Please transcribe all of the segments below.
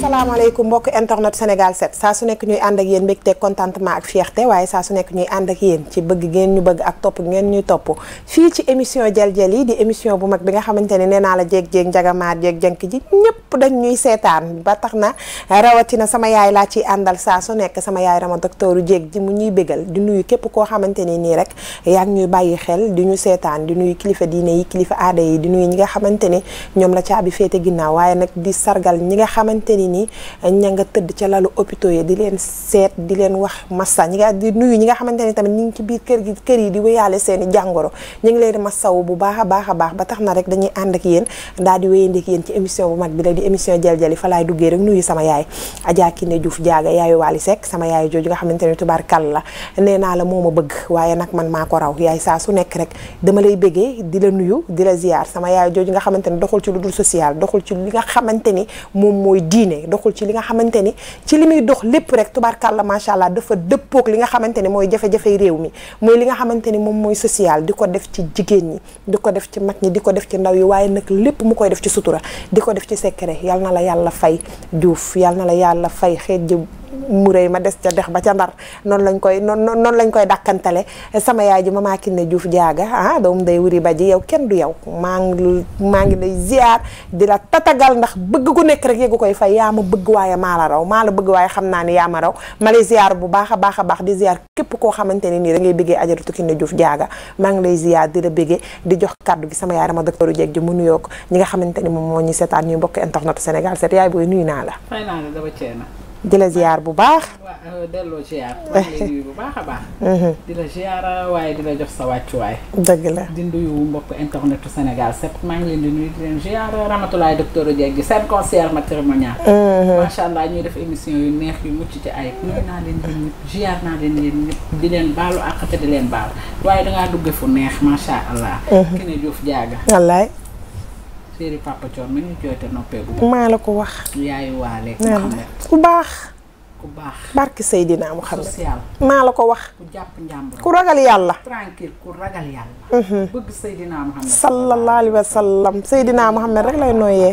asalaamaaleykum mbokk internet Sénégal 7 saa su nekk ñuy ànd ak yéen mbégte contentement ak fierté waaye saa su nekk ñuy ànd ak yéen ci bëgg ngeen ñu bëgg ak topp ngeen ñuy topp fii ci émission Diel Diel yi di émission bu mag bi nga xamante ne nee naa la jéeg-jéeg njagamaar jéeg ji ñëpp dañ ñuy seetaan ba tax na rawatina sama yaay laa ci àndal saa su nekk sama yaay rama docteuru jéeg ji mu ñuy béggal di nuyu képp koo xamante ne nii rek yaa ñuy bàyyi xel di ñu seetaan di nuyu kilifa diine kilifa aada yi di nuyu ñi nga xamante ne ñoom la caabi féete ginnaaw nag di sargal ñi nga xamante ni nii ña nga tëdd ca lalu hôpitaux yi di leen seet di leen wax massa ñi nga di nuyu ñi nga xamante ne tamit ñi ngi ci biir kër gi kër yi di wéyaale seen i jàngoro ñu ngi leen di massaw bu baax a baax a baax ba tax na rek dañuy ànd ak yéen daal di wéyandik yéen ci émission bu mag bi la di émission jël jëli fa laay duggee rek nuyu sama yaay Adja Kiné Diouf Diaga yaayu Wally Seck sama yaay jooju nga xamante ne tubaarkàll la nee naa la moo ma bëgg waaye nag man maa ko raw yaay saa su nekk rek dama lay bëggee di la nuyu sama yaay jooju nga xamante ne doxul ci lu dul social doxul ci li nga xamante ni moom mooy diine doxul ci li nga xamante ni ci li muy dox lépp rek tubaarkàlla macha allah dafa dëppoog li nga xamante ni mooy jafe réew mi mooy li nga xamante ni moom mooy social di ko def ci jigéen ñi di ko def ci mag ñi di ko def ci ndaw yi waaye nag lépp mu koy def ci sutura di ko def ci secret yal na la yàlla fay Diouf yal na la yàlla fay xeet ji mu rëy ma des ca dex ba ca ndar noonu lañ koy noonu noonu lañ koy dakkantale sama yaay ji Mama ne juuf jaaga ah doom day wuri ba ji yow kenn du yow maa ngi maa ngi lay ziar di la tatagal ndax bëgg ku nekk rek yëgu koy fay yaa ma bëgg waaye maa la raw maa la bëgg waaye xam naa ne yaa ma raw ma lay ziar bu baax a baax a baax di ziar képp koo xamante ne nii da ngay bëggee Ajaratu Kiné Diouf jaaga maa ngi lay ziar di la bëggee di jox kàddu gi sama yaay Rama docteur jeeg ji mu nuyoo ñi nga xamante ni moom moo ñu setaan ñuy mbokk internet Sénégal set yaay booy nuyu naa la di la ziar bu baax. waaw euh, delloo ziar. maa baax a baax. Mhm. di la ziar waaye di la jox sa wàccuwaay. dëgg la di nuyu mbokk internetu Sénégal sept maa ngi leen di nuyu di leen ziar Ramatoulaye docteur Diegui seen conseillère matrimonial. Mhm. macha allah ñuy def émission yu neex yu mucc ci ayib. nuyu naa leen yéen ñëpp ziar naa leen di leen baal àq te di leen baal waaye dangaa dugg fu neex macha allah. Mhm. ki ne Diouf Diaga. wallaay. péri Papa Thione maa la ko wax. yaayu waale. ku baax. ku baax barki Seydina mu social maa la ko wax. ku jàpp njàmbur. ku ragal yàlla. tranquille ku ragal yàlla. Mhm. bëgg Seydina Muhammad. lay nooyee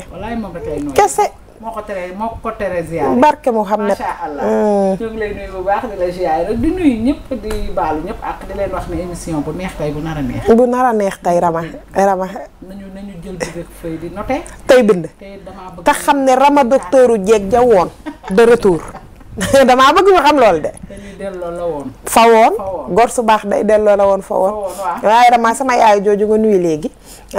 kese. moo ko moo ko teree ziar. barke Mouhamed macha allah. Mm. ñu ngi baax di la ziar ñëpp baalu ñëpp ak di leen ne émission bu neex tey bu nar a neex. bu nar a neex tey Rama Rama. nañu nañu jël bi rek fay di noter. tey bind. te xam ne Rama docteuru jeeg ja woon de retour. damaa bëgg mu xam loolu de. dañuy la fa woon gor su baax day delloo la woon fa woon. waaye dama sama yaay jooju nga nuyu léegi.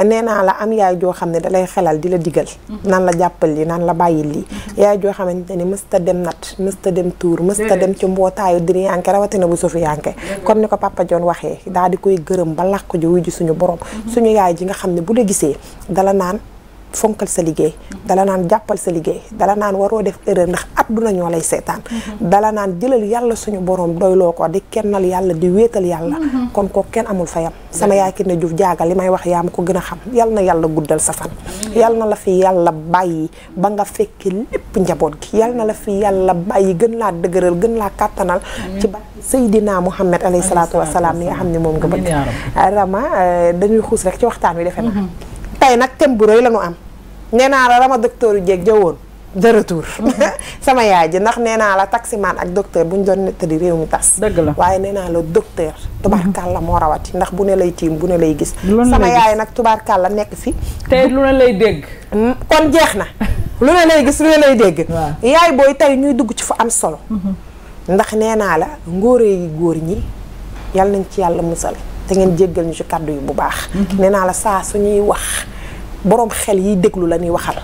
nee naa la am yaay joo xam ne dalay xelal di la digal. Mhm. naan la jàppal lii naan la bàyyi lii. Mhm. yaay joo xamante ne mësta dem nat mësta dem tuur mësta dem ci mbootaayu diri yanke rawatina bu suufi yanke comme ni ko papa John waxee daal di koy gërëm ba làkk ji wuy ji suñu borom. Mhm. suñu yaay ji nga xam ne bu la gisee dala naan. fonkal sa liggéey dala naan jàppal sa liggéey dala naan waroo def erreur ndax àdduna ñoo lay seetaan mhm. dala naan jëlal yàlla suñu borom doyloo ko di kennal yàlla di wéetal yàlla mhm. kon ko kenn amul fayam sama yaay ki ne Juuf jaagal li may wax yaa ma ko gën a xam yal na yàlla guddal sa fan yal na la fi yàlla bàyyi ba nga fekke lépp njaboot gi yal na la fi yàlla bàyyi gën laa dëgëral gën laa kàttanal ci ba Seydina Muhammad alayhi salaatu wasalaam mi nga xam ne moom nga bëgg Rama euh, dañuy xuus rek ci waxtaan wi defe na mhm. tey nag thème bu rëy la ñu am nee naa la rama docteur yu jeeg jawoon de retour mm-hmm. sama yaay ji ndax nee naa la taximaan ak docteur bu ñu doon nettali réew mi tas dëgg la waaye nee naa la docteur mm-hmm. moo rawati ndax bu ne lay tiim bu ne lay gis sama yaay nag tubaarkàlla nekk fi tey lu ne lay dégg mm, kon jeex na lu ne lay gis lu ne lay dégg yaay booy tey ñuy dugg ci fu am solo mm-hmm. ndax nee naa la ngóore góor ñi yal nañ ci yàlla musal te ngeen jéggal ñu ci kàddu yi bu baax nee naa la saa suñuy wax boroom xel yiy déglu la ñuy waxal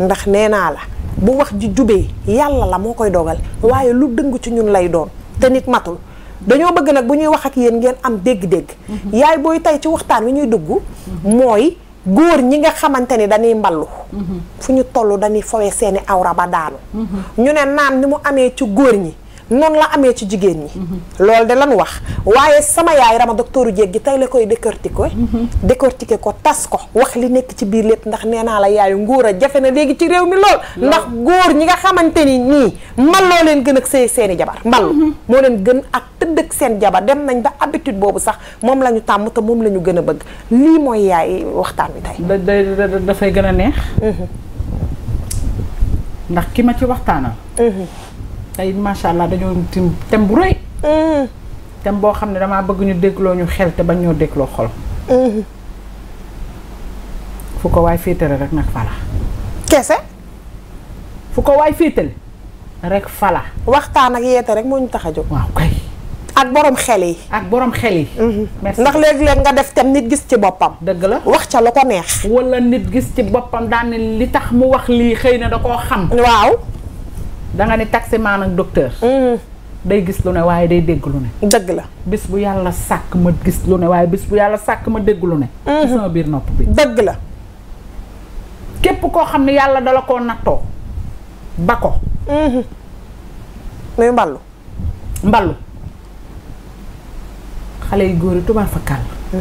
ndax nee naa la bu wax ju jubee yàlla la moo koy dogal waaye lu dëng ci ñun lay doon te nit matul dañoo bëgg nag bu ñuy wax ak yéen ngeen am dégg-dégg yaay booy tey ci waxtaan wi ñuy dugg mooy góor ñi nga xamante ni dañuy mballu fu ñu toll dañuy foye seeni awra ba daanu mm-hmm. ñu ne naam ni mu amee ci góor ñi noonu la amee ci jigéen ñi. loolu de lan wax waaye sama yaay Rama docteuru jéeg gi tey la koy décortiquer. décortiquer ko tas ko wax li nekk ci biir lépp ndax nee naa la yaayu ngóor a jafe na léegi ci réew mi lool. ndax góor ñi nga xamante ni nii mbaloo leen gën ak sëy seeni jabar mballu mm-hmm. moo leen gën ak tëdd ak seen jabar dem nañ ba habitude boobu sax moom la ñu tàmm te moom la ñu gën a bëgg lii mooy yaay waxtaan wi tey. dafay gën a neex. Mm-hmm. ndax ki ma ci waxtaanal. Mm-hmm. tey macha allah dañoo tim tem bu rëy. Mm. tem boo xam ne damaa bëgg ñu dégloo ñu xel te bañ ñoo dégloo xol. Mm. fu ko waay féetale rek nag fala. kese. fu ko waay féetale rek fala. waxtaan ak yeete rek moo ñu tax a jóg. waaw kay. ak borom xel yi. ak boroom xel yi. Mm-hmm. merci ndax léeg-léeg nga def tam nit gis ci boppam. dëgg la wax ca lu ko neex. wala nit gis ci boppam daan li tax mu wax lii xëy na da koo xam. waaw. da ni ne taximaan ak docteur. Mm-hmm. day gis lu ne waaye day dégg lu ne. dëgg la bis bu yàlla sàkk ma gis lu ne waaye bis bu yàlla sàkk ma dégg lu ne. Mm-hmm. ci biir nopp bi. dëgg la. képp koo xam ne yàlla dala koo nattoo. ba ko. Mm-hmm. muy mballu. mballu. xale yu góor yi tubaab fa kàll.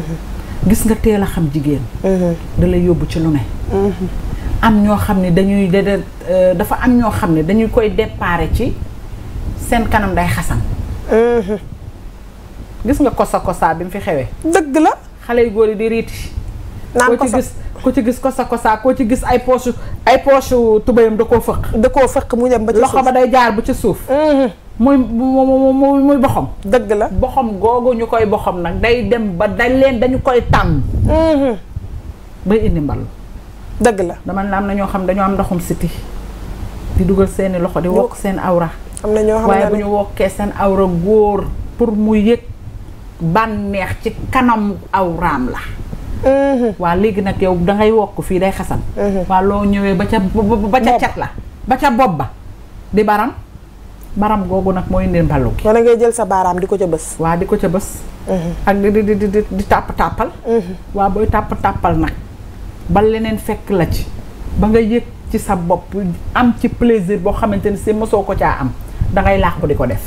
gis nga teel a xam jigéen. dalay yóbbu ci lu ne. am ñoo xam ne dañuy déedéet euh, dafa am ñoo xam ne dañu koy déparé ci seen kanam day xasan. gis nga kosa kosa bi mu fi xewee. dëgg la xale yu góor yi di riiti. naan ko gis ku ci gis kosa kosa koo ci gis ay poche ay poche tubayam da koo fëq. da koo fëq mu dem ba ci suuf loxo ba day jaar bu ci suuf. muy muy muy boxom. dëgg la boxom googu ñu koy boxom nag day dem ba dañ leen dañu koy tàmm. bay indi mbal. dëgg la dama ne am na ñoo xam dañoo am ndoxum siti di dugal seeni loxo di wokk seen awra. am na ñoo xam waaye bu ñu wokkee seen awra góor pour mu yëg bànneex ci kanam awraam la. Mhm. waa léegi nag yow dangay wokk fii day xasan. Mhm. waa loo ñëwee ba ca ba la. ba ca bopp ba di baram baram googu nag mooy indi mballu gi. wala ngay jël sa baaraam di ko ca bës. waa di ko ca bës. Mhm. ak di di di di tàpp tàppal. waa booy tàpp tàppal nag. ba leneen fekk la ci ba nga yëg ci sa bopp am ci plaisir boo xamante ni si mosoo ko caa am da ngay laax ko di ko def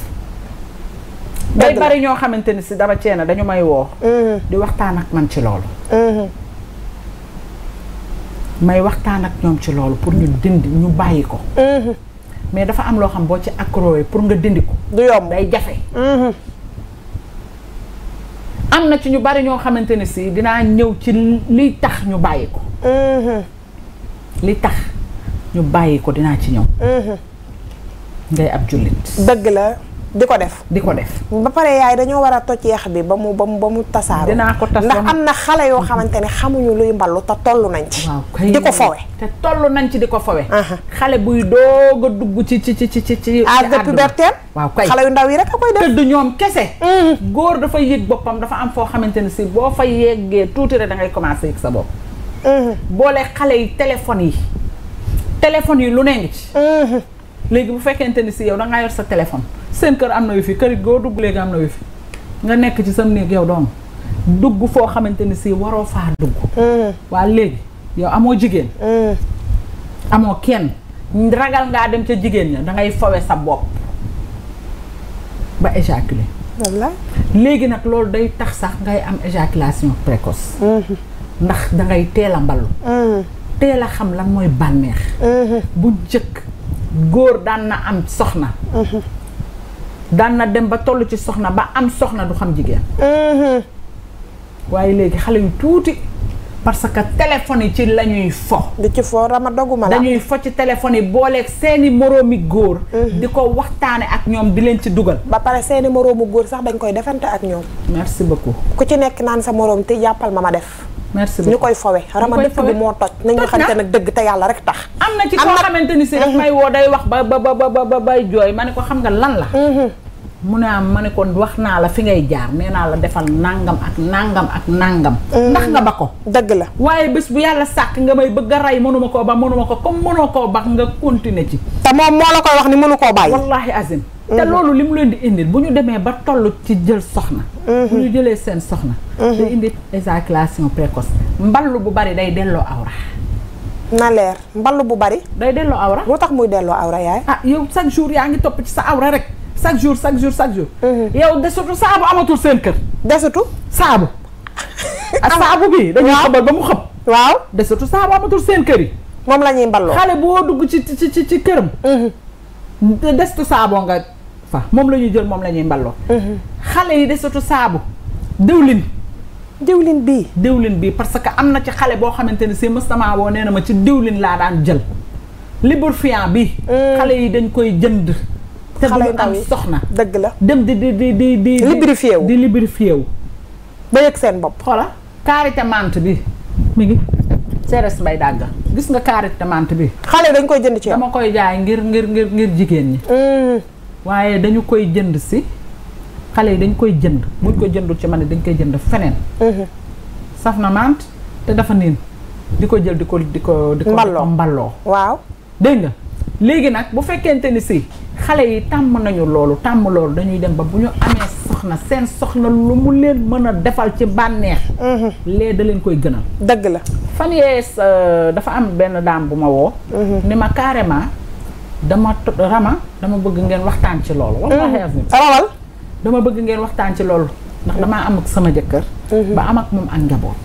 day bari ñoo xamante ni si dama ceena dañu may woo mm-hmm. di waxtaan ak man ci loolu mm-hmm. may waxtaan ak ñoom ci loolu pour ñu dindi ñu bàyyi ko mm-hmm. mais dafa am loo xam boo ci accroé pour nga dindi ko du yomb day jafe am na ci ñu bari ñoo xamante ni si dinaa ñëw ci liy tax ñu bàyyi ko li tax ñu bàyyi ko dinaa ci ñëw. ngay ab jullit. dëgg la di ko def. di ko def ba pare yaay dañoo war a toj yeex bi ba mu ba mu ba mu tasaaroo. dinaa ko tas ndax am na xale yoo xamante ne xamuñu luy mballu te toll nañ ci. di ko fowe te toll nañ ci di ko fowe. xale buy doog a dugg ci ci ci ci ci ci. âge de puberté waaw kay xale yu ndaw yi rek a koy def. tëdd ñoom kese. góor dafa yëg boppam dafa am foo xamante ne si boo fa yeggee tuuti rek da ngay commencé yëg sa bopp. boole xale yi téléphone yi téléphone yi lu ne ci léegi bu fekkente ni si yow da ngaa yor sa téléphone seen kër am na wifi kër goo dugg léegi am na fi nga nekk ci sam néeg yow doom dugg foo xamante ni si waroo faa dugg waa léegi yow amoo jigéen amoo kenn ragal ngaa dem ca jigéen ña dangay fawe sa bopp ba éjaculer léegi nag loolu day tax sax ngay am éjaculation précoce ndax dangay ngay teel a mballu mm. teel a xam lan mooy bànneex mm-hmm. bu jëkk góor daan na am soxna mm-hmm. daan na dem ba toll ci soxna ba am soxna du xam jigéen mm-hmm. waaye léegi xale yu tuuti parce que téléphone yi ci la ñuy fo. di ci fo rama doguma la dañuy fo ci téléphone yi booleeg seeni moroomi góor. Mhm. di ko waxtaane ak ñoom di leen ci dugal. ba pare seeni moroomu góor sax dañ koy defante ak ñoom. merci beaucoup. ku ci nekk naan sa moroom te jàppal ma ma def. merci ñu koy fowe rama dëkk bi moo toj nañu xamante nag dëgg te yàlla rek tax am na ci koo xamante ni si daf mhm. may woo day wax ba ba ba ba bay jooy ma ne ko xam nga lan la mhm. mu ne am ma ne kon wax naa la fi ngay jaar nee naa la defal nangam ak nangam ak nangam. Mm. ndax nga ba ko. dëgg la waaye bés bu yàlla sàkk nga may bëgg a rey mënuma koo ba mënuma ko comme mënoo koo bax nga continuer ci. te moom moo la koy wax ni mënu koo bàyyi. wallaahi azim. Mm-hmm. te loolu li mu leen di indil bu ñu demee ba toll ci jël soxna. Mm-hmm. bu ñu jëlee seen soxna. te mm-hmm. indi éjaculation précoce mball bu bari day delloo awra. na leer mballu bu bari. day delloo awra. lu tax muy delloo awra yaay. ah yow chaque jour yaa ngi topp ci sa awra rek. chaque jour chaque jour chaque jour. Mhm. yow desutu saabu amatul seen kër. desutu saabu. ak saabu bi ba mu xëpp. waaw desutu saabu amatul seen kër yi. moom la ñuy mballoo xale boo dugg ci ci ci kër këram. Mhm. desutu saaboo nga fa moom lañuy jël moom lañuy ñuy mhm. xale yi desutu saabu diwlin. diwlin bi diwlin bii parce que am na ci xale boo xamante ne si mësama woo nee na ma ci diwlin laa daan jël fian bi. xale yi dañ koy jënd. te duñu am soxna dëgg la dem di di di di di lubrifié wu di lubrifié wu ba yëg seen bopp xoola karité mante bi mi ngi Ceres Mbay dàgga gis nga karité mante bi xale dañ koy jënd ci yow koy jaay ngir ngir ngir ngir jigéen ñi mm. waaye dañu koy jënd si xale yi dañ koy jënd buñ ko jëndul ci man ne dañ koy jënd feneen mm-hmm. saf na mant te dafa niin di ko jël di ko di ko di ko mballoo waaw dégg nga léegi nag bu fekkente ni si xale yi tàmm nañu loolu tàmm loolu dañuy dem ba bu ñu amee soxna seen soxna lu mu leen mën a defal ci bànneex mhm. lee da leen koy gënal dëgg la fan yee dafa am benn daam bu ma woo mhm. ni ma carrément dama rama dama bëgg ngeen waxtaan ci loolu mhm. wallahi rawal dama bëgg ngeen waxtaan ci loolu ndax damaa am sama jëkkër ba am ak moom ak njaboot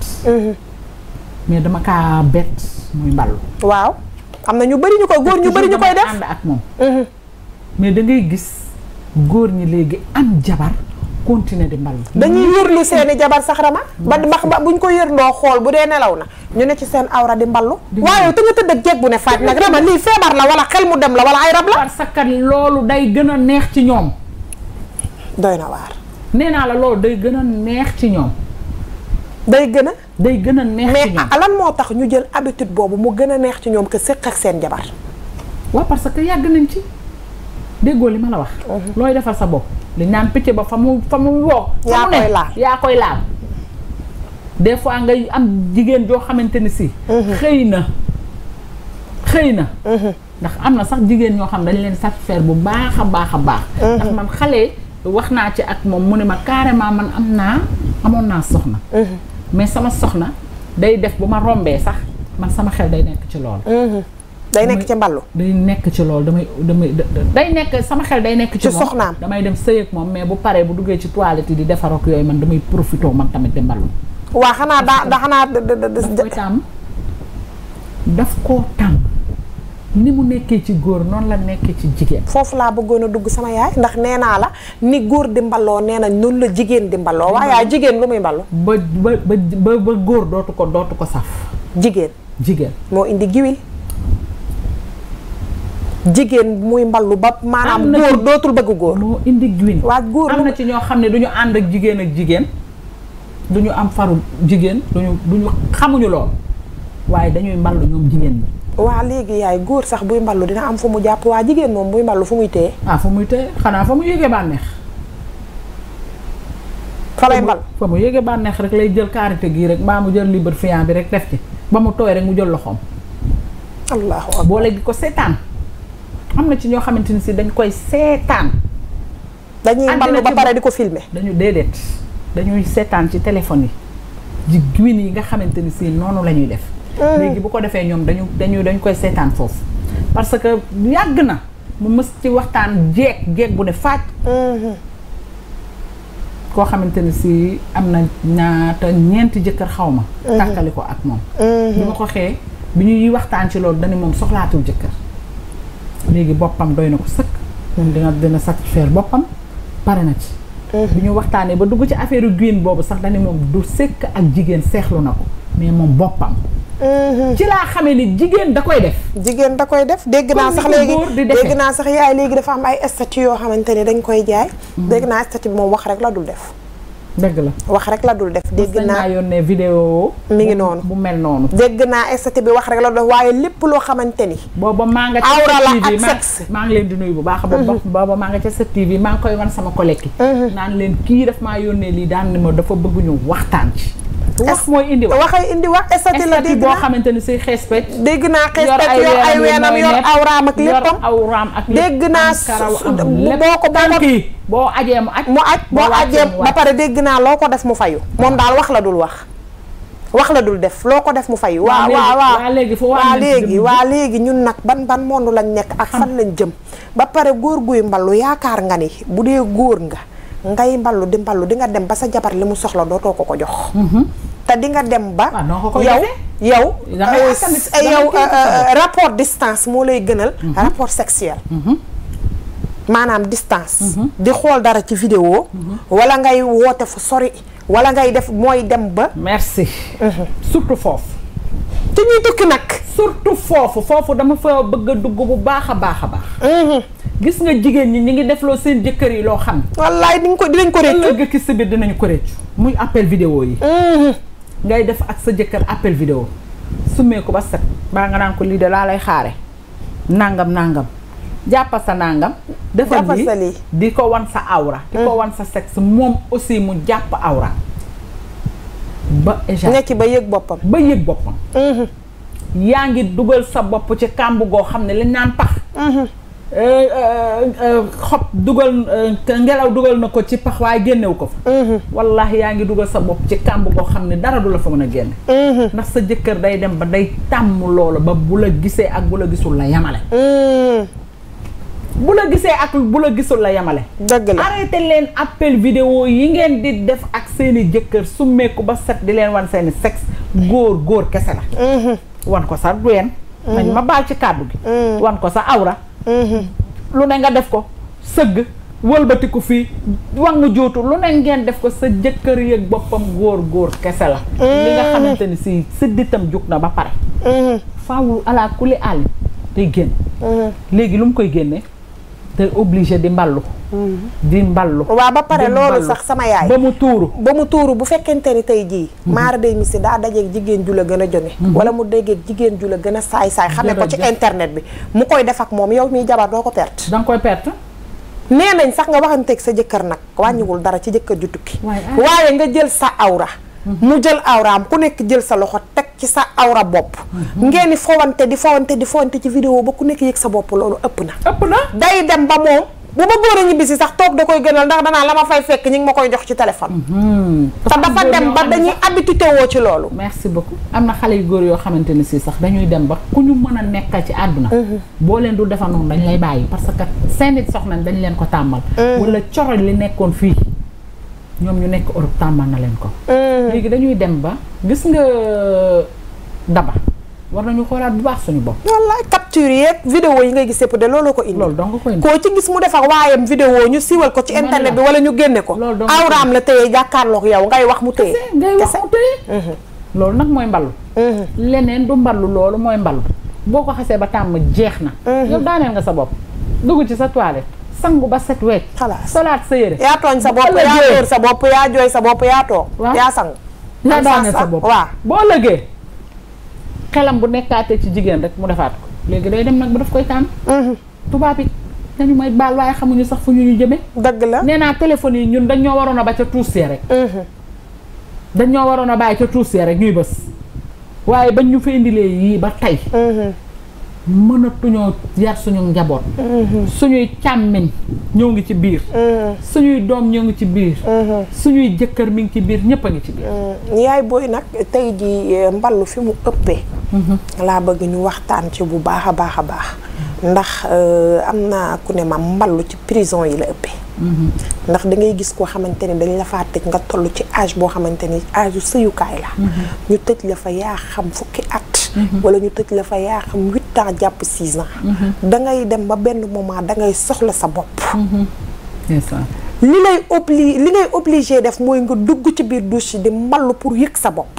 mais dama kaa bett muy mballu waaw am na ñu bari ñu koy góor ñu bari ñu koy def ak moom mais dangay gis góor ñi léegi am jabar continuer di mbal. dañuy yërlu seeni jabar sax rama ba mbax ba buñ ko yërloo xool bu dee nelaw na ñu ne ci seen awra di mballu waaye te nga tëdd ak jeeg bu ne faat nag rama lii feebar la wala xel mu dem la wala ay rab la parce que loolu day gën a neex ci ñoom doy na waar nee naa la loolu day gën a neex ci ñoom day gën a day gën a neex ci ñoom mais lan moo tax ñu jël habitude boobu mu gën a neex ci ñoom ko séq ak seen jabar déggoo li ma la wax. Mhm. looy defal sa bopp. li naan picc ba fa mu fa mu woo. yaa koy laal yaa koy laal. des fois ngay am jigéen joo xamante ni si. Mhm. xëy na xëy na. Mhm. ndax am na sax jigéen ñoo xam dañ leen satisfaire bu baax a baax a baax. ndax man xale wax naa ci ak moom mu ne ma carrément man am naa amoon naa soxna. mais sama soxna day def bu ma rombee sax man sama xel day nekk ci loolu. day nekk ci mballu day nekk ci loolu damay damay day nekk sama xel day nekk ci soxnaam damay dem sëy moom mais bu paree bu duggee ci toilette di defar ak yooyu man damay profité man tamit di mballu waa xanaa daa da xanaa daf koy tàmm daf koo tàmm ni mu nekkee ci góor noonu la nekkee ci jigéen foofu laa bëggoon a dugg sama yaay ndax nee naa la ni góor di mballoo nee na noonu la jigéen di mballoo waaye yaay jigéen lu muy mballu ba ba ba ba góor dootu ko dootu ko saf jigéen jigéen moo indi giwil jigéen muy mballu ba maanaam góor dootul bëgg góor moo indi gwin waa góor am na ci ñoo xam ne du ñu ànd ak jigéen ak jigéen du ñu am faru jigéen duñu du ñu xamuñu lool waaye dañuy mballu ñoom jigéen ñi waa léegi yaay góor sax buy mballu dina am fu mu jàpp waa jigéen moom buy mballu fu muy téye ah, fu muy téye xanaa fa mu yëgee bànneex fa lay mbal fa mu yëgee bànneex lay jël karité gii rek mbaa mu jël libre fiant bi rek def ci ba mu tooy rek mu jël loxoom allahu akbar boole gi ko seetaan am na ci ñoo xamante ni si dañ koy seetaan. dañuy mballu ba pare di ko filmer dañu déedéet dañuy seetaan ci téléphone yi ji win yi nga xamante ni si noonu la ñuy def. Hmm. gi bu ko defee ñoom dañu dañu dañ koy seetaan foofu. parce que yàgg na mu mës ci waxtaan jeeg jeeg bu ne faaj. Hmm. koo xamante ni si am na ñaata ñeenti jëkkër xaw ma. Hmm. tàkkali ko ak moom. bi ma ko xee bi ñuy waxtaan ci loolu dañu moom soxlaatul jëkkër. léegi boppam doy na ko sëkk moom dina dina satisfaire boppam pare na ci mhm. bu ñu waxtaanee ba dugg ci affaire yu boobu sax dañu moom du sëkk ak jigéen seexlu na ko mais moom boppam mhm. ci laa xamee ni jigéen da koy def. jigéen da koy def dégg naa sax léegi dégg naa sax yaay léegi dafa am ay statut yoo xamante ne dañ koy jaay. Mhm. dégg naa statut bi moom wax rek la dul def. dëgg la wax rek la dul def. dégg naa yónnee vidéo. mi ngi noonu bu mel noonu. dégg naa estati bi wax rek la dul def waaye lépp loo xamante ni. booba maa nga ca TV maa ngi leen di nuyu bu baax. Mhm. booba maa nga ca sa TV maa ngi koy wan sama collègue yi. Mhm. naan leen kii daf maa yónnee lii daan ni ma dafa bëgg ñu waxtaan ci. wax mooy indi wax indi wax estati la dégg naa boo xamante ni si xees pecc dégg naa xees pecc yor ay awraam ak léppam dégg naa boo ko boo ko boo ajee mu aj mu aj boo ajee ba pare dégg naa loo ko def mu fayu moom daal wax la dul wax wax la dul def loo ko def mu fayu waaw waaw waa léegi waa léegi ñun nag ban ban monde lañ nekk ak fan lañ jëm ba pare góor guy mballu yaakaar nga ni bu dee góor nga ngay mballu di mballu di nga dem ba sa jabar li mu soxla dootoo ko ko jox. Mhm. te di nga dem ba. Ah, yow yow. Euh, ah, eh, yow euh, euh, rapport distance moo lay gënal. Mhm. rapport sexuel. Mhm. maanaam distance. di xool dara ci vidéo. wala ngay woote fu sori. wala ngay def mooy dem ba. merci. surtout foofu. te ñuy tukki nag. surtout foofu foofu dama fa bëgg dugg bu baax a baax a baax. gis nga jigéen ñi ñi ngi def defloo seen jëkkër yi loo xam. wallaay di nga ko dinañ ko réccu ëllëg ci sa biir dinañ muy appel vidéo yi. Mm-hmm. ngay def ak sa jëkkër appel vidéo summee ko ba set baa nga naan ko lii de laa lay xaare nàngam nangam jàppa sa nangam. defal lii di ko wan sa awra. di ko mm. wan sa sexe moom aussi mu jàpp awra. ba écharpe nekk ba yëg boppam. ba yëg boppam. Mm-hmm. yaa ngi dugal sa bopp ci kàmb goo xam ne li naan tax. Mm-hmm. Eh, eh, eh, xob dugal ngelaw dugal na ko ci pax waaye génnewu ko fa mhm. wallahi yaa ngi dugal sa bopp ci kàmb koo xam ne dara du la fa mën a génne mhm. ndax sa jëkkër day dem ba day tàmm loola ba bu la gisee ak bu la gisul la yamale mhm. bu la gisee ak bu la gisul la yamale dëgg la arrêté leen appel vidéo yi ngeen di def ak seeni jëkkër summeeku ba set di leen wan seeni sex góor góor kese la wan ko sa ween nañ ma baal ci kàddu gi wan ko sa awra lu ne nga def ko sëgg wëlbatiku fii wang jootu lu ne ngeen def ko sa jëkkër yëg boppam góor góor kese la li nga mm. xamante ni si sidditam jug na ba pare mm. faawul alaa kuli àll day génn mm. léegi lu mu koy génnee te obliger di mballu mhm. di mballu waa ba pare loolu sax sama yaay ba mu tuuru ba mu tuuru bu fekkente ni tey jii mhm. maara day misi daa dajeeg jigéen ju la gën a jone mhm. wala mu dajeeg jigéen ju la gën a saay-saay xamee ko ci internet bi mu koy def ak moom yow miy jabar doo ko perte danga koy perte nee nañ sax nga waxanteeg sa jëkkër nag wàññiwul dara ci jëkkër ju tukki waaye ah. nga jël sa awra mu jël awraam ku nekk jël sa loxo teg ci sa awra bopp. ngeen di fowante di fowante di fowante ci vidéo ba ku nekk yëg sa bopp loolu ëpp na. ëpp na day dem ba moom bu ma góor a ñibbisi sax toog da koy gënal ndax danaa la ma fay fekk ñi ngi ma koy jox ci téléphone. Hmm. te dafa dem ba dañuy habitué woo ci loolu. merci beaucoup am na xale yu góor yoo xamante ni si sax dañuy dem ba ku ñu mën a nekkal ci àdduna. Mm-hmm. boo leen du defar noonu dañ lay bàyyi parce que seen nit soxna dañ leen ko tàmbal. Mm-hmm. wala coro li nekkoon fii. ñoom ñu nekk Europe tàmmal na leen ko. Mm. léegi dañuy dem ba gis nga daba war nañu xoolaat bu baax suñu bopp. wallaay capture yeeg vidéo yi ngay gis yëpp de loolu ko indi. loolu dong ko ci gis mu def ak waayam vidéo ñu siiwal ko ci internet bi wala ñu génne ko. loolu dong awraam la téye jàkkaarloog yow ngay wax mu téye. kese ngay wax mu mm-hmm. loolu nag mooy mballu. Mm-hmm. leneen du mballu loolu mooy mbal boo ko xesee ba tàmm jeex na. Mm-hmm. yow daaneel nga sa bopp dugg ci sa toilette. sangu ba set wecc. xalaat solaat sa yére. yaa tooñ sa bopp yaa tóor sa bopp yaa jooy sa bopp yaa toog. yaa sangu. yaa daane sa bopp waaw boo lëgee xelam bu nekkaatee ci jigéen rek mu defaat ko léegi day dem nag bu daf koy tànn. Mm-hmm. tubaab it dañu may baal waaye xamuñu sax fu ñu ñu jëmee. dëgg la nee naa téléphone yi ñun dañoo waroon a ba ca tuusee rek. Mm-hmm. dañoo waroon a bàyyi ca tuusee rek ñuy bës. waaye bañ ñu fa indilee yii ba tey. Mm-hmm. mënatuñoo yar suñu njaboot. Mm-hmm. suñuy càmmiñ ñoo ngi ci biir. Mm-hmm. suñuy doom ñoo ngi ci biir. Mm-hmm. suñuy jëkkër mi ngi ci biir ñëpp a ngi ci biir. yaay booy nag tey ji eh, mballu fi mu ëppee. laa bëgg ñu waxtaan ci bu baax a baax a baax. ndax euh, am na ku ne ma mballu ci prison yi la ëppee. ndax da ngay gis koo xamante ni dañ la faa tëj nga toll ci âge boo xamante ni âge yu la. Mhm. ñu tëj la fa yaa xam fukki at. Mhm. wala ñu tëj la fa yaa xam huit ans jàpp six ans. Mhm. da ngay dem ba benn moment da ngay soxla sa bopp. li lay obli li ngay obligé def mooy nga dugg ci biir douche di mballu pour yëg sa bopp.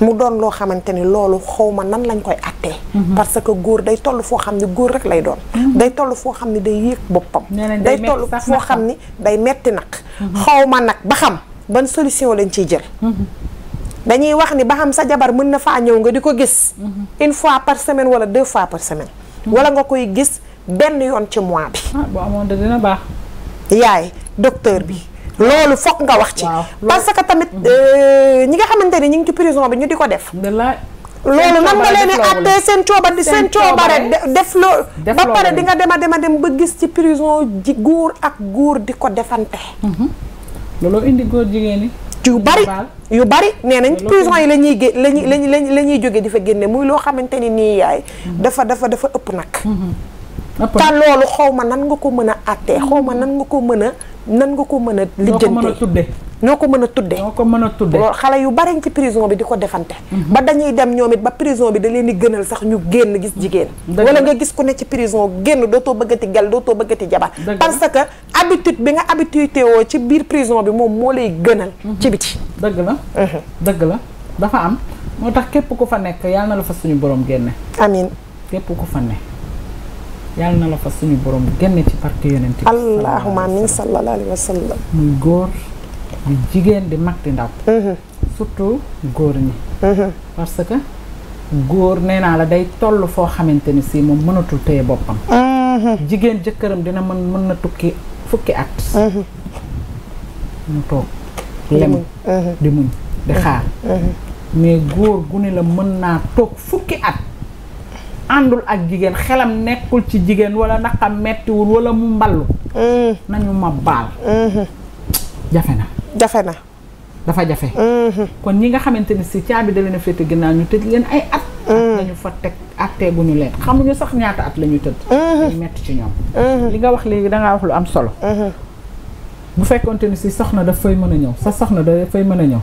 mu doon loo xamante ni loolu xaw ma nan lañ koy attee mhm. parce que góor day toll foo xam ne góor rek lay doon day tollu foo xam ne day yéeg boppam day toll foo xam ni day metti nag mhm. xaw ma nag ba xam ban solution lañ ciy jël mhm. dañuy wax ni ba xam sa jabar mën na faa ñëw nga di ko gis une fois par semaine wala de fois par semaine wala nga koy gis benn yoon ci mois bi ah, bu amoon dina baax yaay docteur bi loolu foog nga wax ci. parce que tamit mm-hmm. euh, ñi nga xamante ni ñu ngi ci prison bi ñu di ko def. loolu nan nga leen attee seen cooba di seen coobare def loo ba pare di nga dema dema dem ba gis ci prison ji góor ak góor di ko defante mm-hmm. looloo indi góor jigéen ñi yu bari yu bari nee nañ prison yi la ñuy gé mm-hmm. la ñuy la ñuy jóge di fa génne muy loo xamante ni nii yaay dafa dafa dafa ëpp nag Ah, te loolu xaw ma nan nga ko mën a àttee xaw ma nan nga ko mën a nan nga ko mën a lijjante ñoo mën a tudde ñoo ko mën a tudde loolu xale yu bari ci prison bi di ko defante mhm. ba dañuy dem ñoom it ba prison bi da leen di gënal sax ñu génn gis jigéen wala nga gis ku ne ci prison génn dootoo bëggati gal dootoo bëggati jabar parce que habitude bi nga habitué woo ci biir prison bi moom moo lay gënal mhm. ci biti dëgg la mhm. dëgg la dafa am moo tax képp ku fa nekk yàlla na la fa suñu borom génne amiin képp ku fa nekk yàlla na la fa suñu borom génne ci barke yonent bi. allahumma amiin sallallahu alayhi wa sallam. muy góor di jigéen di mag di ndaw. Mm-hmm. surtout góor ñi. Mm-hmm. parce que góor nee naa la day toll foo xamante ni si moom mënatul téye boppam. Mm-hmm. jigéen jëkkëram dina mën mën na tukki fukki at. mu toog lem di muñ di xaar. mais góor gu ne la mën naa toog fukki at. àndul ak jigéen xelam nekkul ci jigéen wala am mettiwul wala mu mballu mm. nañu ma baal mm-hmm. jafe na jafe na dafa jafe mm-hmm. kon ñi nga xamante ni si caabi da leen a ñu tëj leen ay at lañu mm. fa teg atteeguñu leen xamuñu sax ñaata at la ñu tëdd ñu mm-hmm. metti ci ñoom li nga wax léegi dangaa wax lu am solo bu fekkonte ni si soxna daf fay mën a ñëw sa soxna dafay mën a ñëw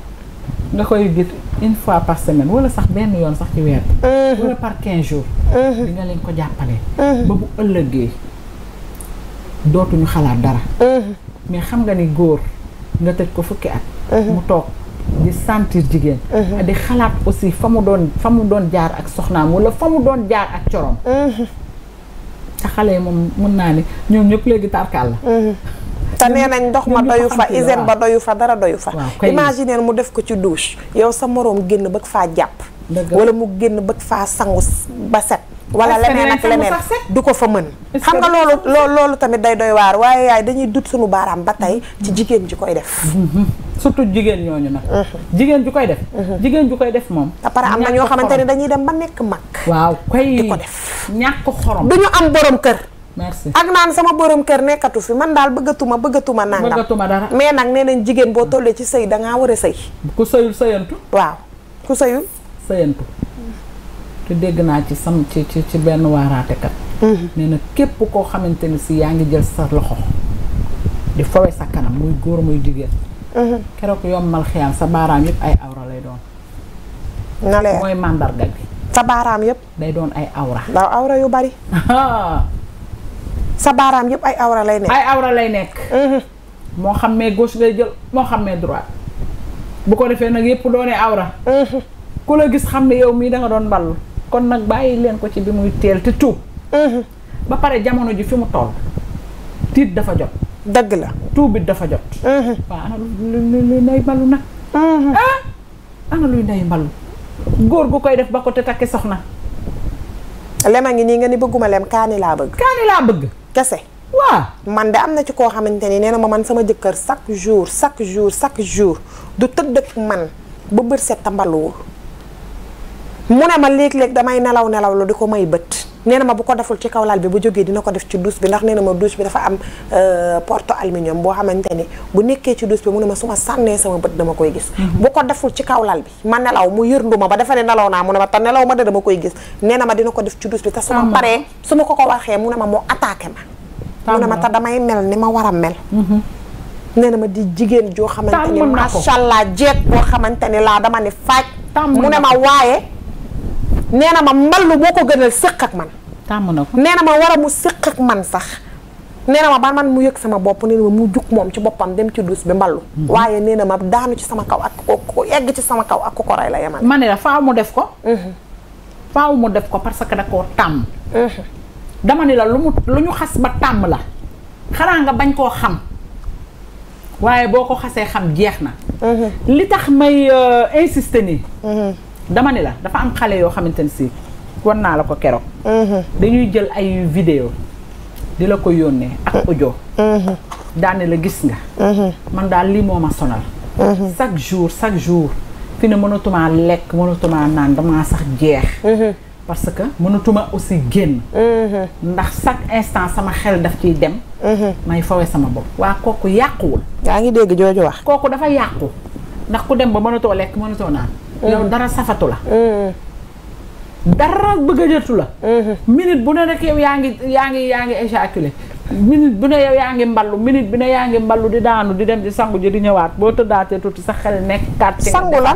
nga koy gis une fois par semaine wala sax benn yoon sax ci weer uh-huh. wala par quinze jours uh-huh. di leen ko jàppale uh-huh. ba bu ëllëgee dootuñu xalaat dara mais xam nga ni góor nga tëj ko fukki at mu toog di sentir jigéen di xalaat aussi fa mu doon fa mu doon jaar ak soxnaam wala fa mu doon jaar ak corom te xale yi moom mën naa ne ñoom ñëpp léegi tarkaal la te nee nañ ndox ma doyu fa hygiène ba doyu fa dara doyu fa imaginer mu def ko ci douche yow sa moroom génn bëgg faa jàpp wala mu génn bëgg faa sangu ba set wala leneen ak leneen du ko fa mën xam nga loolu loolu loolu tamit day doy waar waaye yaay dañuy dut suñu baaraam ba tey ci mm-hmm. jigéen ji koy def mm-hmm. surtout jigéen ñooñu nag mm-hmm. jigéen ju koy def jigéen ju koy def moom après am na ñoo xamante ne dañuy dem ba nekk mag waaw koy di ko def du ñu am borom kër merci ak naan sama borom kër nekkatu fi man daal bëggatuma bëggatuma nangam bëggatuma dara mais nag nee nañ jigéen boo tollee ci sëy dangaa war a sëy ku sëyul sëyantu waaw ku sëyul sëyantu te dégg naa ci sam ci ci ci benn waaraatekat mhm. nee képp koo xamante ni si yaa ngi jël sa loxo di fowe sa kanam muy góor muy jigéen mhm. keroog yombal xiyaam sa baaraam yëpp ay awra lay doon na leer mooy màndarga bi sa baaraam yëpp day doon ay awra daaw awra yu bari sa baaraam yëpp ay awra lay nekk. ay awra lay nekk. Mm-hmm. moo xam ne gauche ngay jël moo xam ne droite bu ko defee nag yépp doone awra. Mm-hmm. ku la gis xam ne yow mii da doon ballu kon nag bàyyi leen ko ci bi muy teel te tuub. Mm-hmm. ba pare jamono ji fi mu toll tiit dafa jot. dëgg la tuub it dafa jot. waaw ah! ana luy nday mbalu nag. ana luy nday mbal góor gu koy def ba ko te takki soxna. lem a ngi nii nga ni bëgguma lem kaani laa bëgg. kaani laa bëgg. kese. waaw man de am na ci koo xamante ni nee na ma man sama jëkkër chaque jour chaque jour chaque jour du tëdd ak man bu bët set tambaluwul mu ne ma léeg-léeg damay nelaw nelaw la di ko may bët. nee na ma bu ko deful ci kaw lal bi bu jógee dina ko def ci douche bi ndax nee na ma douche bi dafa am euh, porte aluminium boo xamante ni bu nekkee ci douche bi mu ne ma su ma sànnee sama bët dama koy gis mm-hmm. bu ko deful ci kaw lal bi ma nelaw mu yërndu ma ba defa ne nelaw naa mu ne ma te ma de dama koy gis nee na ma dina ko def ci douche bi te mm-hmm. ma ko ko waxee mu ne ma moo attaqué ma mu ne ma te damay mel ni ma war a mel mm-hmm. nee na ma di jigéen joo xamante ni macha allah jeeg boo xamante ni laa dama ne faaj mu ne ma waaye nee na ma mballu moo ko gënal sëq ak man. tàmm na ko nee na ma war a mu sëq ak man sax. nee na ma ba man mu yëg sama bopp nee ma mu jug moom ci boppam dem ci duus bi mballu. Mhm. waaye nee na ma daanu ci sama kaw ak ko egg ci sama kaw ak ko ko rey la yemal. ma ne la faaw mu def ko. Mhm. mu def ko parce que da koo tàmm. Mhm. ne lu mu lu ñu xas ba tàmm la. xanaa nga bañ koo xam. waaye boo ko xasee xam jeex na. li tax may euh, insister nii. dama ni la dafa am xale yoo xamante ne si war naa la ko keroog. Mm-hmm. dañuy jël ay vidéo di la ko yónnee ak mm-hmm. audio. Mm-hmm. daane la gis nga. man daal lii moo ma sonal. chaque jour chaque jour fi ne mënatuma lekk mënatuma naan damaa sax jeex. parce que mënatuma aussi génn. ndax chaque instant sama xel daf ciy dem. may fawe sama bopp waa kooku yàquwul. yaa ngi dégg jooju wax. kooku dafa yàqu ndax ku dem ba mënatoo lekk mënatoo naan. Mm. yow dara safatu la mm. dara bëgg a jëtu la mm-hmm. minute bu ne rek yow yaa ngi yaa ngi yaa ngi éjaculé minute bu ne yow yaa ngi mballu minute bi ne yaa ngi mballu di daanu di dem di sangu ji di ñëwaat boo tëddaatee tuuti sa xel nekkaat sangu la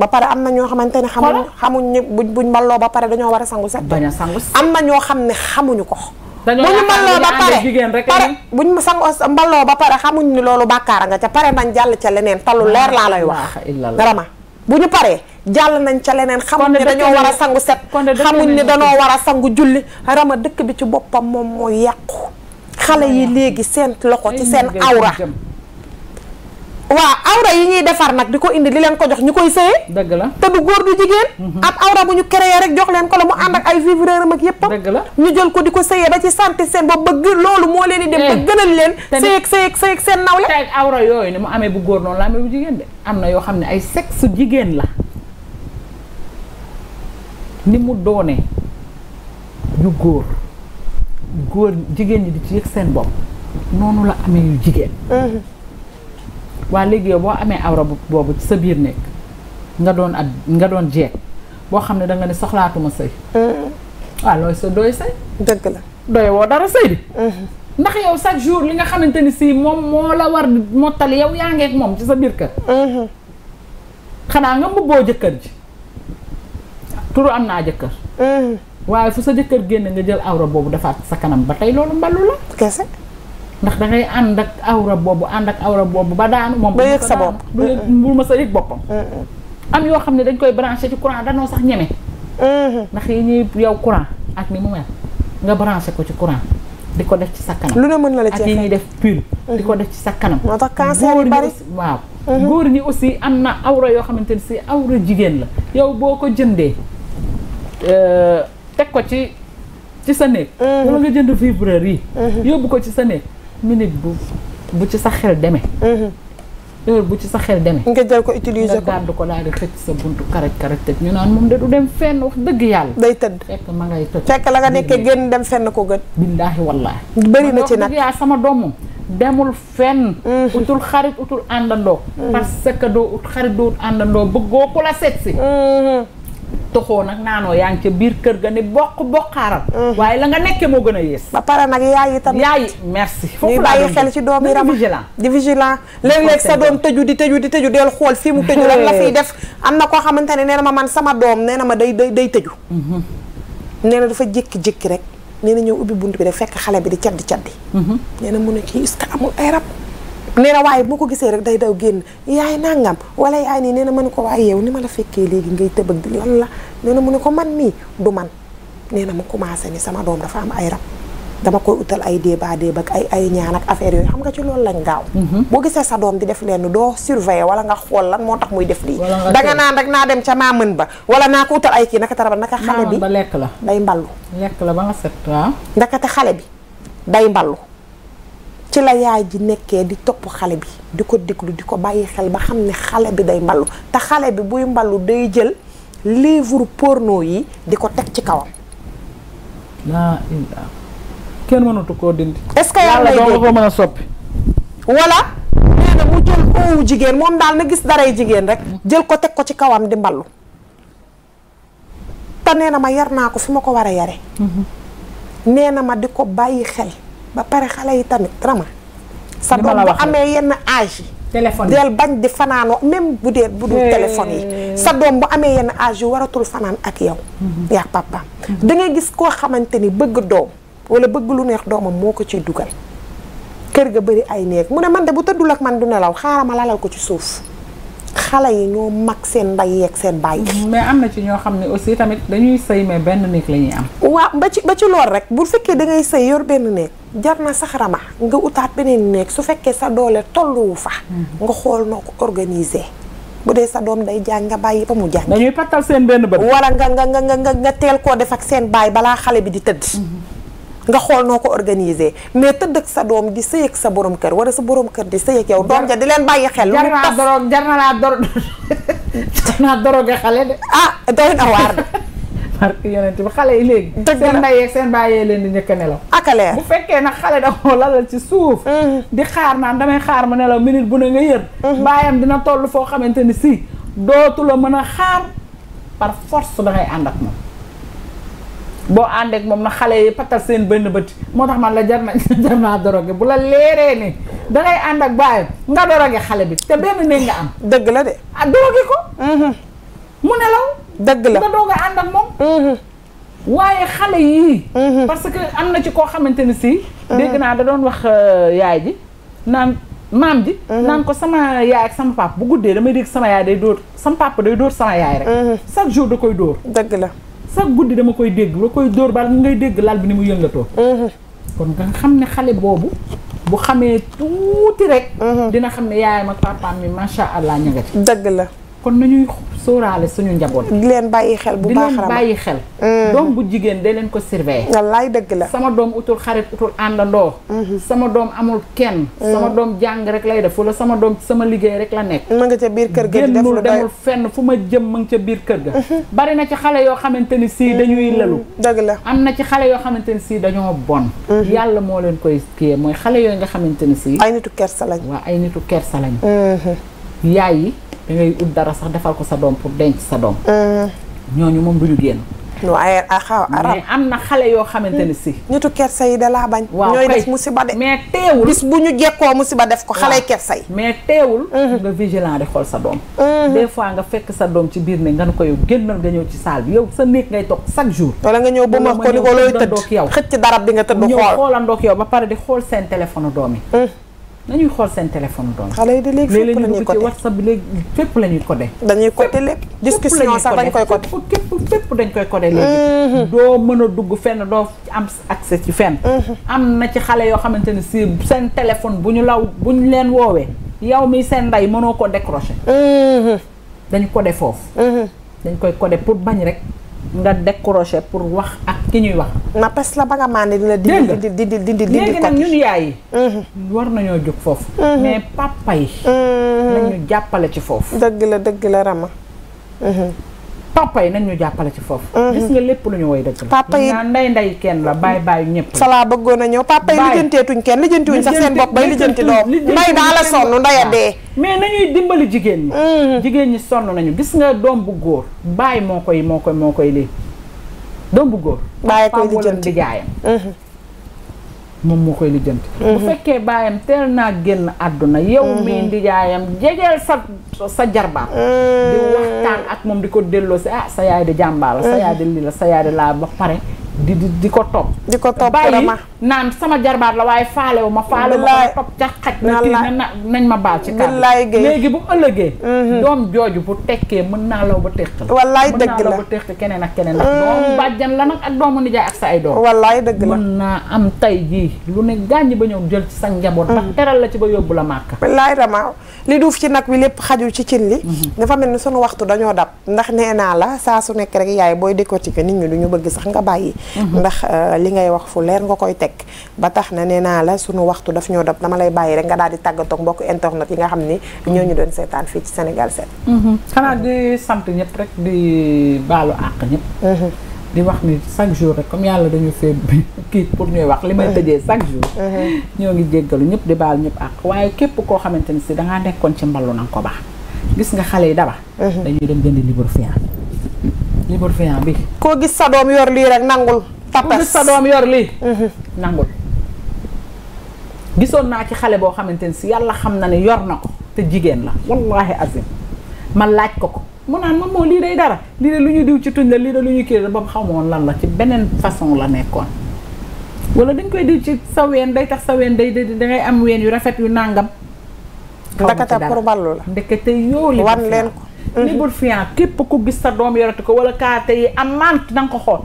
ba pare am na ñoo xamante ne xamuñu xamuñu buñ buñ mballoo ba pare dañoo war a sangu set bañ sangu set am na ñoo xam ne xamuñu ko buñu mballoo ba pare pare buñ sangu mballoo ba pare xamuñ ni loolu bàkkaara nga ca pare nañ jàll ca leneen talu leer laa lay wax garama bu ñu paree jàll nañ ca leneen xamuñ ne dañoo war sangu set xamuñ ne dañoo war a sangu julli rama dëkk bi ci boppam moom mooy yàqu xale yi léegi seen loxo ci seen awra waaw awra yi ñuy defar nag di ko indi di leen ko jox ñu koy sëye dëgg la te du góor du jigéen mhm. ab awra bu ñu créé rek jox leen ko la mu ànd ak ay vibreur ak yépp dëgg la ñu jël ko di ko sëyee ba ci santi seen boobu ba loolu moo leen di dem ba eh, gënal leen sëyeeg sëyeeg sëyeeg seen nawle te awra yooyu ni mu amee bu góor noonu la amee bu jigéen de am na yoo xam ne ay sexe jigéen la ni mu doone yu góor góor jigéen ñi di ci yëg seen bopp noonu la amee yu jigéen mhm. waa léegi yow boo amee awra boobu ci sa biir nekk nga doon at nga doon jeeg boo xam ne da nga ne soxlaatuma sëy mm-hmm. waaw looy sa dooy sëy dëgg la doy woo dara sëy bi mm-hmm. ndax yow chaque jour li nga xamante ni si moom moo la war mottali yow yaa ngeek moom ci sa biir kër mm-hmm. xanaa nga mbubboo jëkkër ji turu am naa jëkkër waaye fu sa jëkkër génn nga jël awra boobu defaat sa kanam ba tey loolu mballu la kese ndax da ngay ànd ak awra boobu ànd ak awra boobu ba daanu moom. ba yëg sa bopp du yëg mbul ma sa yëg boppam. am yoo xam ne dañ koy branché ci courant danoo sax ñeme. Mm-hmm. ndax yi ñuy yow courant ak ni mu mel nga branché ko ci courant. di ko def ci sa kanam lu mën na ak yi ñuy def pile. di ko mm-hmm. def ci sa kanam. moo tax cancer yu bari waaw. Mm-hmm. góor ñi aussi am na awra yoo xamante ni si awra jigéen la. yow boo ko jëndee euh, teg ko ci ci sa néeg. wala nga jënd vibreur yi. yóbbu ko ci sa néeg. minute bu bu ci sa xel demee. Mhm. heure bu ci sa xel demee. nga jël ko utiliser ko nga ko daal di xëcc sa buntu karaj karaj tëj ñu naan moom de du dem fenn wax dëgg yàlla. day tëdd fekk ma ngay tëdd. fekk la nga nekkee génn dem fenn ko gën. billaahi wallaahi. bëri na ci nag yaa sama doomam. demul fenn. Mhm. utul xarit utul àndandoo. Mhm. parce que doo ut xarit doo ut àndandoo bëggoo ku la seet si. toxoo nag naanoo yaa ngi ga ne bokk bokkaaral mm-hmm. waaye la nga nekkee moo gën ba pare nag yaay yi tamit yaay merci foofu laa bàyyi xel ci doom di vigilant léeg-léeg sa doom tëju di tëju di tëju del xool fii mu tëju lan la fiy def am na koo xamante ne nee na ma man sama doom nee na ma day day day tëju mm-hmm. nee na dafa jékki-jékki rek nee na ñëw ubbi bunt bi def fekk xale bi di caddi caddi mm-hmm. nee na mun a kii est-ce que ay waaye bu ko gisee rek day daw génn yaay nangam wala yaay nii nee na mën ko waaye yow ni ma la fekkee léegi ngay tëbëg bi nee na mu ne ko man mii du man nee na mu commencé ni sama doom dafa am ay rab dama koy utal ay débat débat ak ay ay ñaan ak affaire yooyu xam nga ci loolu lañ gaaw. Mhm. boo gisee sa doom di def lenn doo surveiller wala nga xool lan moo tax muy def lii. danga naan rek naa dem ca maa ba. wala naa ko utal ay kii naka taraba naka. xale bi ba lekk la day mballu. lekk la ba nga set waaw. xale bi day mballu. ci la yaay ji nekkee di topp xale bi di ko déglu di ko bàyyi xel ba xam ne xale bi day mballu te xale bi buy mballu day jël. livre porno yi di ko teg ci kawam. kenn mënatu koo dindi. est-ce que yàlla doo ko mën a soppi. voilà. nee mu jël oowu jigéen moom daal na gis daray jigéen rek. jël ko teg ko ci kawam di mballu. te nee na ma yar naa ko fi ma ko war a yare mm-hmm. nee na ma di ko bàyyi xel. ba pare xale yi tamit rama sa doom bu amee yenn âge téléphone del bañ di fanaanoo même bu dee bu dul téléphone yi sa doom bu amee yenn âge yu waratul fanaan ak yow mm-hmm. yaa pàppa dangay gis koo xamante ni bëgg doom wala bëgg lu neex doomam moo ko ciy dugal kër ga bëri ay néeg mu ne man de bu tëddul ak man du nelaw xaaral ma lalal ko ci suuf xale yi ñoo mag seen ndey yeeg seen bàyyi. Mm-hmm. mais am na ci ñoo xam ne aussi tamit dañuy sëy mais benn néeg la am. waaw ba ci ba ci lool rek bu fekkee da ngay sëy yor benn néeg. jar na sax rama nga utaat beneen néeg su fekkee sa doole tolluwu fa. Mhm. nga xool noo ko organiser. bu dee sa doom day jàng nga bàyyi ba mu jàng. dañuy pattal seen benn bët. wala nga nga nga teel koo defak seen baay balaa xale bi di tëdd. Mhm. nga xool noo ko organiser mais tëdd ak sa doom di sëy sa borom kër wala sa borom kër di sëy ak yow. doom ja di leen bàyyi xel. lu mu tas jar naa doro naa doro jar xale de. ah doy na barke yonent bi xale yi léegi. dëgg la seen ndey ak leen di njëkk a nelaw. bu fekkee na xale dafa koo lalal ci suuf. Mm-hmm. di xaar naan damay xaar ma nelaw minit bu ne nga yër. Mm-hmm. bàyyam dina toll foo xamante ni si dootu la mën a xaar par force dangay ànd ak moom. boo ànd moom na xale yi patal seen bënn bët moo tax man la jar na jar naa doroge bu la leeree ne dangay ànd ak bàyyam nga doroge xale bi te benn néeg nga am. dëgg la de. ah doroge ko. Mm-hmm. mu nelaw. dëgg la nga doog a ànd ak moom. Mm-hmm. waaye xale yii. Mm-hmm. parce que am na ci koo xamante ni si. Mm-hmm. dégg naa da doon wax euh, yaay ji naan maam ji. naan ko sama yaay ak sama papa bu guddee damay dégg sama yaay day dóor sama papa day dóor sama yaay rek. chaque jour da koy dóor. dëgg la chaque guddi dama koy dégg la koy dóor bal ngay dégg lal bi ni mu yëngatoo. kon nga xam ne xale boobu bu xamee tuuti rek. dina xam ne yaayam ak papaam mi macha allah ña dëgg la. kon nañuy sóoraale suñu njaboot. di leen bàyyi xel bu baax di leen bàyyi xel. Mm. doom bu jigéen day leen ko surveiller. wallaay dëgg la sama doom utul xarit utul àndandoo. Mm-hmm. sama doom amul kenn. Mm. sama doom jàng rek lay def wala sama doom sama liggéey rek la nekk. ma nga ca biir kër ga di def lu doy demul fenn fu ma jëm ma nga ca biir kër ga. Mm-hmm. bari na ci xale yoo xamante ni sii dañuy mm-hmm. lalu. dëgg la am na ci xale yoo xamante ni sii dañoo bon. yàlla moo leen koy kiyee mooy xale yooyu nga xamante ni sii. ay nitu kersa lañ. waaw ay nitu kersa lañ. yaay yi da ut dara sax defal ko sa doom pour denc sa doom. Mm. ñooñu moom du ñu génn. waaye xaw arab mais am na xale yoo xamante ne si. Mm. nitu kersa yi da laa bañ. waaw ñooy def musiba de. mais teewul bis bu ñu jekkoo musiba def ko xale kersa yi. mais teewul. Mm-hmm. nga vigilant di xool sa doom. Mm-hmm. des fois nga fekk sa doom ci biir ne nga ne ko yow génnal nga ñëw ci saal bi yow sa néeg ngay toog chaque jour. wala nga ñëw ba ma ko ni ko looy tëdd xëcc dara bi nga tëdd xool. ñëw xoolandoog yow ba pare di xool seen téléphone doom yi. Mm. nañuy xool seen téléphone doon. xale yi di léegi fépp la ñuy côté léegi la ñuy dugg ci whatsapp bi léegi fépp la ñuy côté. dañuy côté lépp discussion sax dañ koy côté. fépp dañ koy côté léegi. Mhm. doo mën a dugg fenn doo am accès ci fenn. Mhm. am na ci xale yoo xamante ne si seen téléphone bu ñu law bu ñu leen woowee yow mi seen ndey mënoo ko décrocher. dañ ko def foofu. Mhm. dañ koy côté pour bañ rek. nga décroché pour wax ak ki ñuy wax. na parce la ba nga maane la dindi. dindi dindi dindi mhm. war nañoo jóg foofu. Mhm. mais papa yi. Mhm. nañu jàppale ci foofu. dëgg la dëgg la Rama. papa yi nañ ñu jàppale ci foofu. Mhm. gis nga lépp lu ñu woy dëgg la. papa yi nday nday kenn la bàyyi bàyyi ñëpp la. sala bëggoon a ñëw papa yi lijjanteetuñ kenn lijjantiwuñ sax seen bopp bay lijjanti doom nday daa la sonn ndaya ah. dee. mais nañuy dimbali jigéen ñi. Mhm. jigéen ñi sonn nañu gis nga doom bu góor bàyyi moo koy moo koy moo koy lii doom bu góor. bàyyi koy lijjanti di jaayam. Mhm. moom moo koy lijjanti. Mhm. bu fekkee baayam teel naa génn àdduna. yow mhm. mii ndijaayam jegeel sa sa jarbaam. Mhm. di waxtaan ak moom di ko delloo si ah sa yaay di jàmbaar la. sa yaay di lii la sa yaay di laa ba pare. di di di ko topp. di ko topp bàyyi naan sama jarbaat la waaye faale wu ma. faale wu ma topp ca xaj. na nañ ma baal ci kàddu. léegi bu ëllëgee. Mhm. doom jooju bu tekkee mën naa law ba tekk la. wallaay dëgg la mën naa law ba tekk keneen ak keneen. Mhm. doomu bàjjan la nag ak doomu nijaay ak sa ay doom. wallaay dëgg la mën naa am tay jii lu ne gaañ ba ñëw jël ci sa njaboot. ndax mhm. teral la ci ba yóbbu la màkk. li duuf ci nag wi lépp xajul ci cin li mhm. dafa mel ni sunu waxtu dañoo dab ndax nee naa la saa su nekk rek yaay booy décortiquer nit ñi du ñu bëgg sax nga bàyyi mhm. ndax euh, li ngay wax fu leer nga koy teg ba tax na nee naa la sunu waxtu daf ñoo dab dama lay bàyyi rek nga daal di tàggatoog mbokk internet yi nga xam ni mhm. ñoo ñu doon seetaan fii ci Sénégal 7 xanaa di sant ñëpp rek di baalu àq ñëpp di wax ni chaque jour rek comme yàlla dañu fee kii pour ñuy wax li may uh-huh. tëjee chaque jour. Uh-huh. ñoo ngi jéggalu ñëpp di baal ñëpp ak waaye képp koo xamante ni si da nekkoon ci mballu na ko baax gis nga xale yi daba. Uh-huh. dañuy dem jëndi lubrifiant. fian bi. koo gis sa doom yor lii rek nangul. tapes koo gis sa doom yor lii. nangul. gisoon naa ci xale boo xamante ni si yàlla xam na ne yor na ko te jigéen la wallaahi azim ma laaj ko ko. mu naan ma moo lii dey dara lii de lu ñu diw ci tuñ la lii de lu ñu kii la ba mu xamoon lan la ci beneen façon la nekkoon wala dañ koy diw ci sa ween day tax sa ween day da ngay am ween yu rafet yu nàngam ndakata pour ballu la ndekete yoo li wan leen ko mhm. Librefient képp ku gis sa doom yorati ko wala kaate yi amant na nga ko xool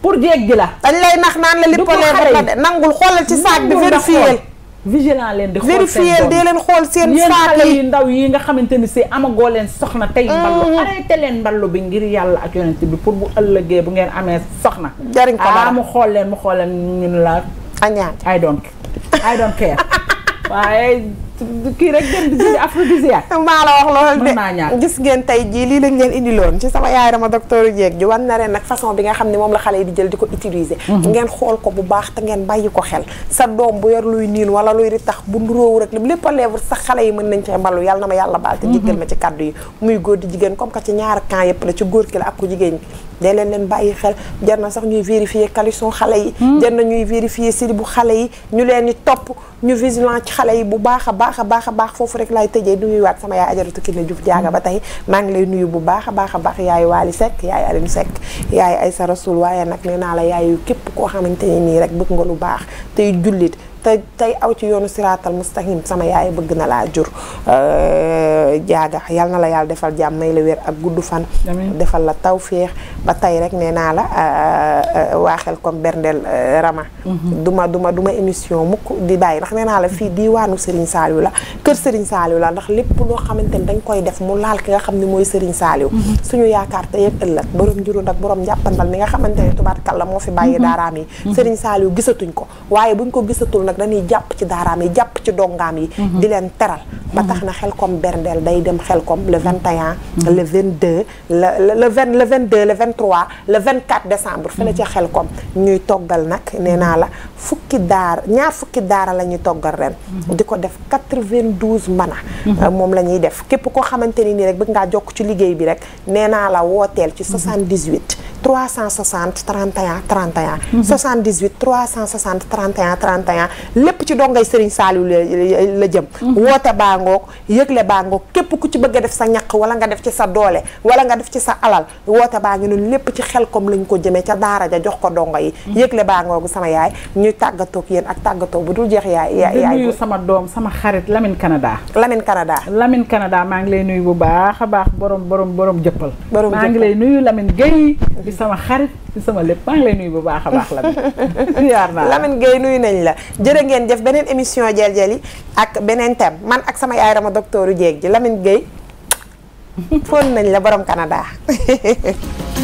pour jeeg gi la dañ lay nax naan la lippaleer la de nangul xoolal ci saag bi vérifier vigilant leen di. xool seen doom dee leen xool seen. saako yi ndaw yi nga xamante ni si amagoo leen soxna tey mm-hmm. mballu arrêté leen mballu bi ngir yàlla ak yonent bi pour bu ëllëgee bu ngeen amee soxna. jariñ ko ah, mu xool leen mu xool leen ñun la. laa I don't I don't care waaye. kii rek dem di afrodisiaque maa la wax loolu de gis ngeen tey jii lii lañ leen indiloon ci sama yaay Rama docteur Jeeg ji wan na nag façon bi nga xam ne moom la xale yi di jël di ko utiliser mhm. ngeen xool ko bu baax te ngeen bàyyi ko xel sa doom bu yor luy niin wala luy ritax bu rek lépp a lèvre sax xale yi mën nañ cee mbalu yàlla na ma yàlla baal te mhm. jéggal ma ci kàddu yi muy góor di jigéen comme que ci ñaar camp yëpp la ci góor ki la ak ku jigéen ki day leen leen bàyyi xel jar mhm. bu xale yi ñu baax a baax a baax foofu rek laay tëjee nuyuwaat sama yaay ajaratu Kiné Diouf jaaga ba tey maa ngi lay nuyu bu baax a baax a baax yaay Waly Seck yaay Aline Seck yaay ay Aïssa Rasoul waaye nag nee naa la yaayu képp koo xamante ne nii rek bëgg nga lu baax tey jullit te tey aw ci yoonu siraatal mustaqim sama yaay bëgg na laa jur euh, jaaga yal na la yàlla defal jàmm may la wér ak gudd fan defal la tawféex ba tey rek nee naa la euh, euh, waaxel comme berndeel rama mhm. duma duma duma émission mukk di bàyyi ndax nee naa la fii diwaanu Serigne Saliou la kër Serigne Saliou la ndax lépp loo xamante ni dañ koy def mu laal ki nga xam ne mooy Serigne Saliou mhm. suñu yaakaar tey ak ëllëg borom njurul ak borom njàppandal mi nga xamante ne tubaarkalla moo fi bàyyi mhm. daaraam yi Serigne Saliou gisatuñ ko waaye ko nag dañuy jàpp ci daaraam yi jàpp ci dongaam yi mhm. di leen teral ba tax na xelkom berndeel day dem xelkom le la mhm. le 22 le le 20 la 22 le 23 le 24 décembre fële mhm. ca xelkom ñuy toggal nag nee naa la fukki daara ñaar fukki daara la ñuy toggal ren di ko def 92 mana euh, moom la ñuy def képp koo xamante ni nii rek bëgg ngaa jokk ci liggéey bi rek nee naa la wooteel ci 78 360 31 31 78 360 31 31 lépp ci dongay Serigne Saliou la jëm mhm. woote baa ngoog yëgle baa ngoog képp ku ci bëgg a def sa ñaq wala nga def ci sa doole wala nga def ci sa alal woote baa ngi noonu lépp ci xel kom lañ ko jëmee ca daara jox ko dongo yi mhm. yëgle baa ngoogu sama yaay ñuy tàggatook yéen ak tàggatoo bu dul jeex yaay yaay sama doom sama xarit Lamine Canada Lamine Canada Lamine Canada maa ngi lay nuyu bu baax a baax borom borom boroom jëppal maa ngi lay nuyu Lamine Gueye di sama xarit di sama lépp bu baax a baax la jërë ngeen jëf beneen émission jël jël yi ak beneen thème man ak sama yaay Rama docteur u jéeg ji Lamine Gueye fóon nañ la borom Canada